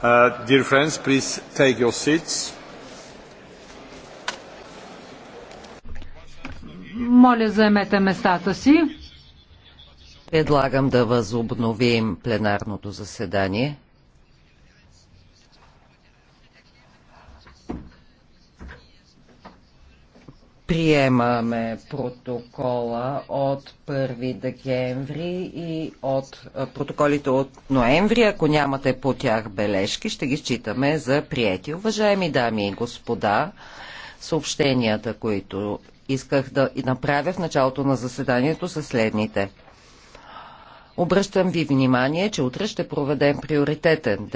Uh, dear friends, please take your seats. Моля, заемете местата си. Предлагам да възобновим пленарното заседание. приемаме протокола от 1 декември и от протоколите от ноември. Ако нямате по тях бележки, ще ги считаме за приети, Уважаеми дами и господа, съобщенията, които исках да направя в началото на заседанието са следните. Обръщам ви внимание, че утре ще проведем приоритетен дебат.